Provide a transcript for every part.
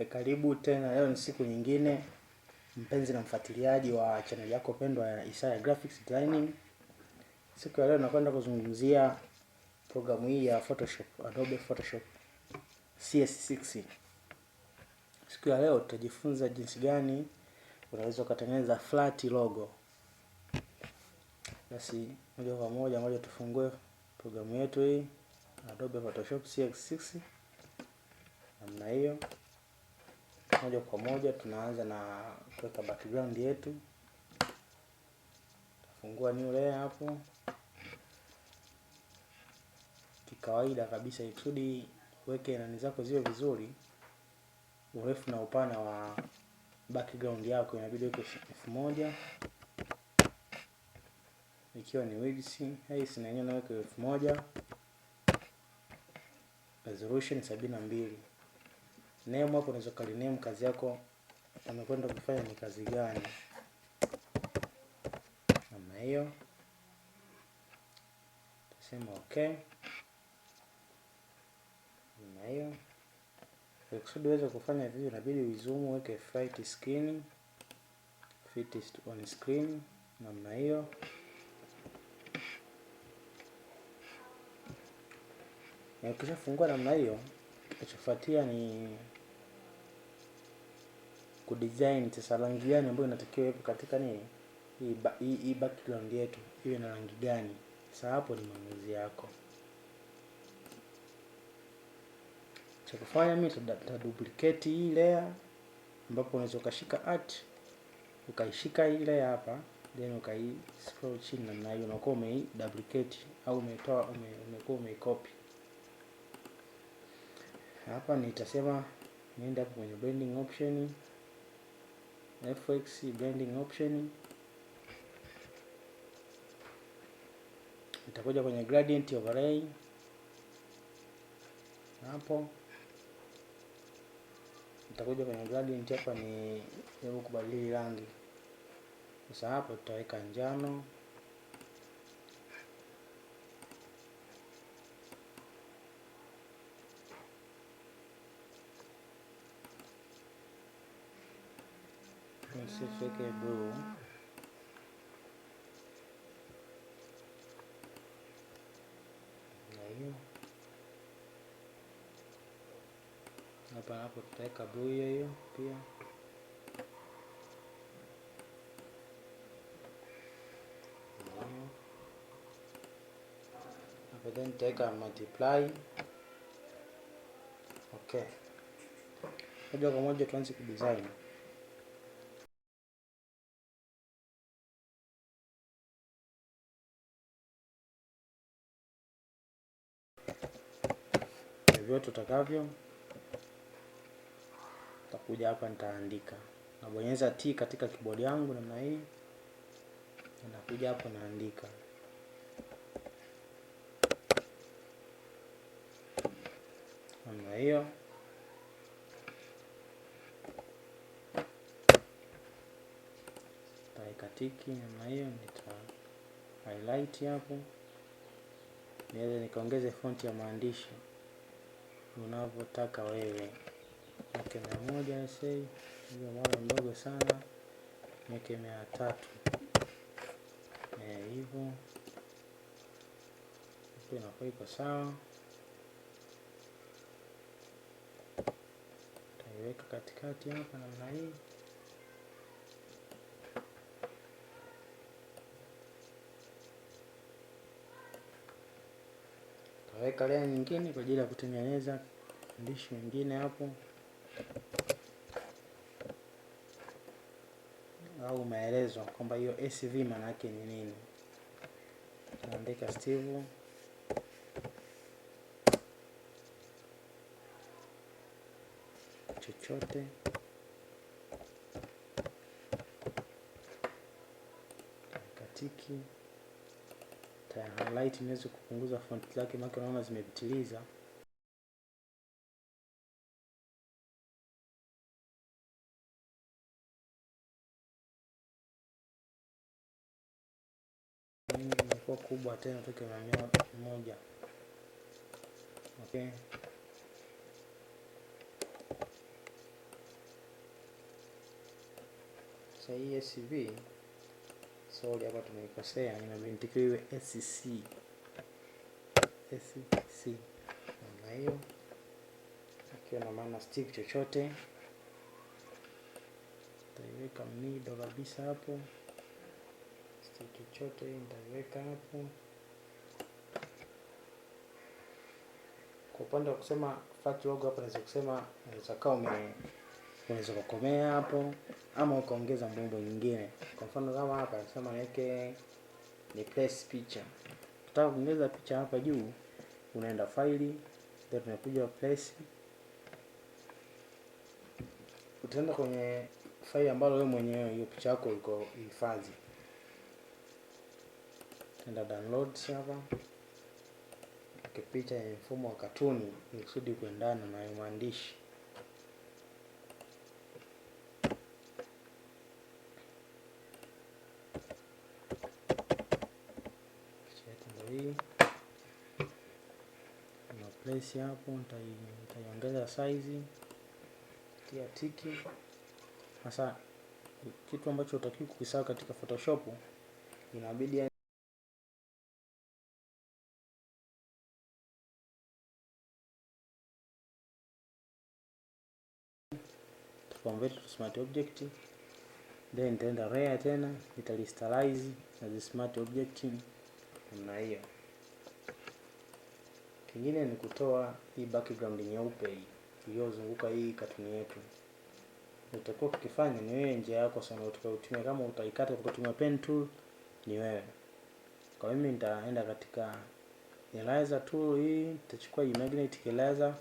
E, karibu tena. Leo ni siku nyingine, mpenzi na mfuatiliaji wa chaneli yako pendwa ya Isaya Graphics Designing. Siku ya leo nakwenda kuzungumzia programu hii ya Photoshop, Adobe Photoshop CS6. Siku ya leo tutajifunza jinsi gani unaweza ukatengeneza flat logo. Basi moja kwa moja, moja tufungue programu yetu hii Adobe Photoshop CS6 namna hiyo moja kwa moja tunaanza na kuweka background yetu. Tafungua new layer hapo. Kikawaida kabisa, ikusudi uweke nani zako ziwe vizuri, urefu na upana wa background yako inabidi uweke elfu moja ikiwa ni width height na yenyewe naweka elfu moja resolution sabini na mbili. Name hapo unaweza ukarename kazi yako amekwenda kufanya ni kazi gani, namna hiyo tasema okay, namna hiyo. Kusudi uweze kufanya hivi, inabidi wizumu uweke fit screen, fit on screen, namna hiyo na ukishafungua namna hiyo, utachofuatia ni kudesign sasa rangi gani ambayo inatakiwa iwepo katika nini hii background yetu iwe na rangi gani. Sasa hapo ni maamuzi yako. Cha kufanya mimi nitaduplicate hii layer ambapo unaweza ukashika art ukaishika hii layer hapa then ukai scroll chini namna hiyo, unakuwa umei duplicate au umetoa ume, umekuwa umeicopy. Hapa nitasema niende hapo kwenye blending option fx blending option nitakuja kwenye gradient overlay hapo, nitakuja kwenye gradient hapa, ni jaribu kubadili rangi sasa. Hapo tutaweka njano. nesse seguidor. Aí, hapa hapo tutaweka buia hiyo pia. Hapa then nitaweka multiply. Okay, moja kwa moja tuanze kudesign. tutakavyo. takuja hapa nitaandika, nabonyeza T katika kibodi yangu namna hii, nakuja hapo naandika namna hiyo. tiki namna hiyo, nita highlight hapo, niweze nikaongeze fonti ya maandishi unavyotaka wewe. Miaka mia moja sei hiyo mwana mdogo sana, miaka mia tatu e, hivyo inakuwa iko sawa. Utaiweka katikati hapa namna hii. weka layer nyingine kwa ajili ya kutengeneza maandishi mengine hapo au maelezo kwamba hiyo sv maana yake ni nini. Naandika Steve chochote katiki highlight niweze kupunguza font zake maana naona zimepitiliza. Imekuwa kubwa tena toke mamia moja. Okay. Sasa hii SV sorry, hapa tumeikosea, nimebintikiwa iwe SCC SCC namna hiyo, akiwa na maana stick chochote, nitaiweka mido kabisa hapo, stick chochote nitaiweka hapo. Kwa upande wa kusema fact logo hapa, naweza kusema naweza kaa ume unaweza kukomea hapo ama ukaongeza mbombo nyingine. Kwa mfano kama hapa nasema niweke replace picture. Nataka kuongeza picha hapa juu, unaenda faili, then unakuja place. Utaenda kwenye faili ambalo wewe mwenyewe hiyo picha yako iko hifadhi. Enda download hapa. Picha ya mfumo wa katuni kusudi kuendana na maandishi. place hapo, nitaiongeza size tia tiki. Sasa kitu ambacho utakiwa kukisawa katika Photoshop inabidi convert to smart object, then nitaenda rare tena, nitalistalize na smart object namna hiyo. Kingine ni kutoa hii background nyeupe hii iliyozunguka hii katuni yetu. Utakuwa ukifanya ni wewe njia yako sana utakayotumia, kama utaikata kwa kutumia pen tool ni wewe. Kwa mimi nitaenda katika eraser tool hii, nitachukua hii magnetic eraser,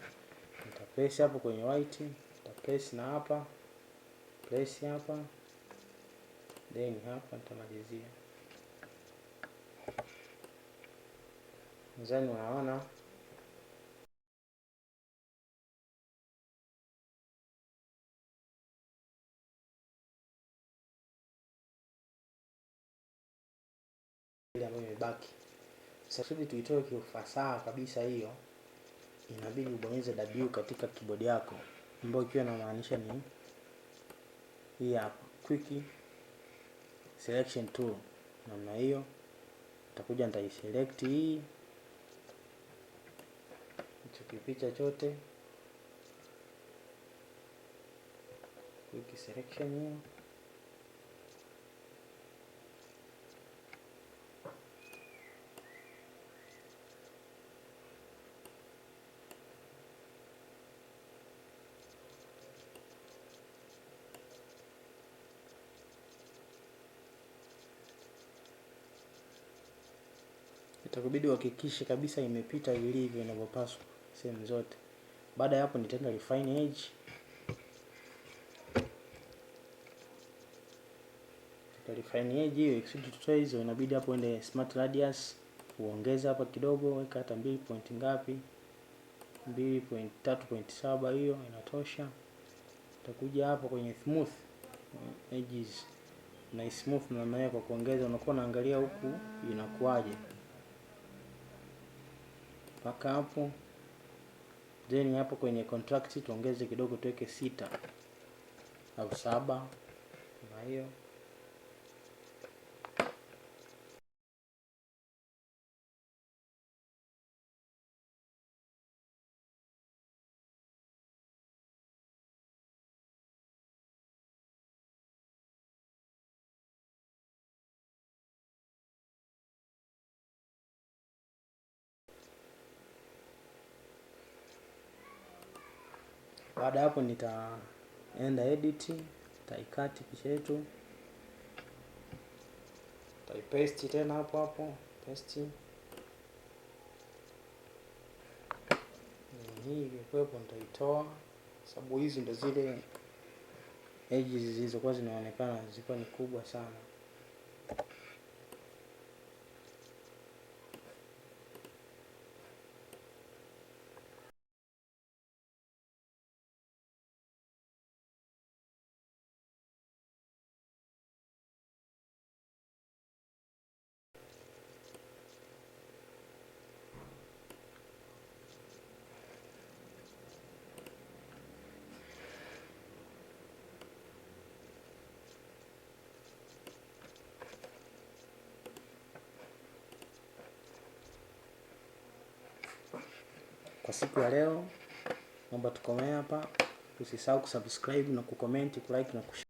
nita hapo kwenye white, nita na hapa, place hapa, then hapa nitamalizia. Nadhani unaona. ile ambayo imebaki. Sasa kusudi tuitoe kiufasaha kabisa hiyo, inabidi ubonyeze W katika keyboard yako ambayo ikiwa inamaanisha ni hii hapa quick selection tool namna hiyo. Nitakuja nitaiselect hii hicho kipicha chote quick selection hiyo. itakubidi uhakikishe kabisa imepita vilivyo inavyopaswa sehemu zote. Baada ya hapo nitaenda refine edge. Refine edge hiyo extrude tutoe hizo, inabidi hapo ende smart radius uongeze hapa kidogo, weka hata mbili point ngapi, mbili point tatu point saba hiyo inatosha. Utakuja hapo kwenye smooth edges na smooth namna hiyo, kwa kuongeza unakuwa unaangalia huku inakuwaje mpaka hapo. Then hapo kwenye contract tuongeze kidogo, tuweke sita au saba, na hiyo Baada hapo nitaenda edit, taikati picha yetu, nitaipaste tena hapo hapo, paste hii ilikuwepo, nitaitoa sababu hizi ndo zile edges zilizokuwa zinaonekana zilikuwa ni kubwa sana. kwa siku ya leo. Naomba tukomee hapa. Usisahau kusubscribe na kucomment, kulike na kushare.